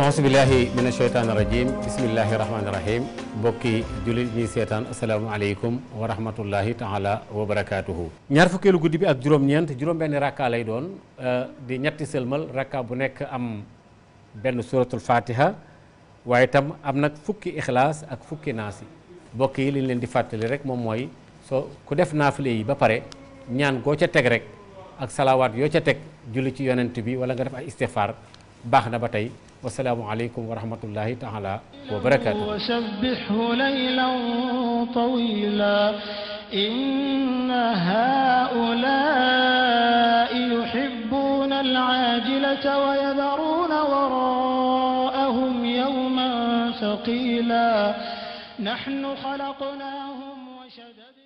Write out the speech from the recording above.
aasbillahi min asheytaan irajim bismillahi rahmaani rahim bokki ñuy seetaan asalaamaaleykum wa rahmatullahi taala wa barakaatuhu ñaar fukkeelu guddi bi ak juróom juróom-benn rakka doon euh, di ñetti sëlmal rakka bu nekk am benn suratul fatiha waaye tam am nag fukki ixlaas ak fukki naasi bokk yi liñ leen di fàttali rek moom mooy soo ku def naa naafile yi ba pare ñaan goo ca teg rek ak salaawaat yoo ca teg julli ci yonent bi wala nga def ay istixfaar baax na ba tey wasalaamu aleykum wa rahmatullahi taala wa barakaatu wasabbihu laylan tawila inna haulai yuhibbuna alajilata wa yadharuna waraahum yawman thaqila nahnu khalaqnahum wa shadadna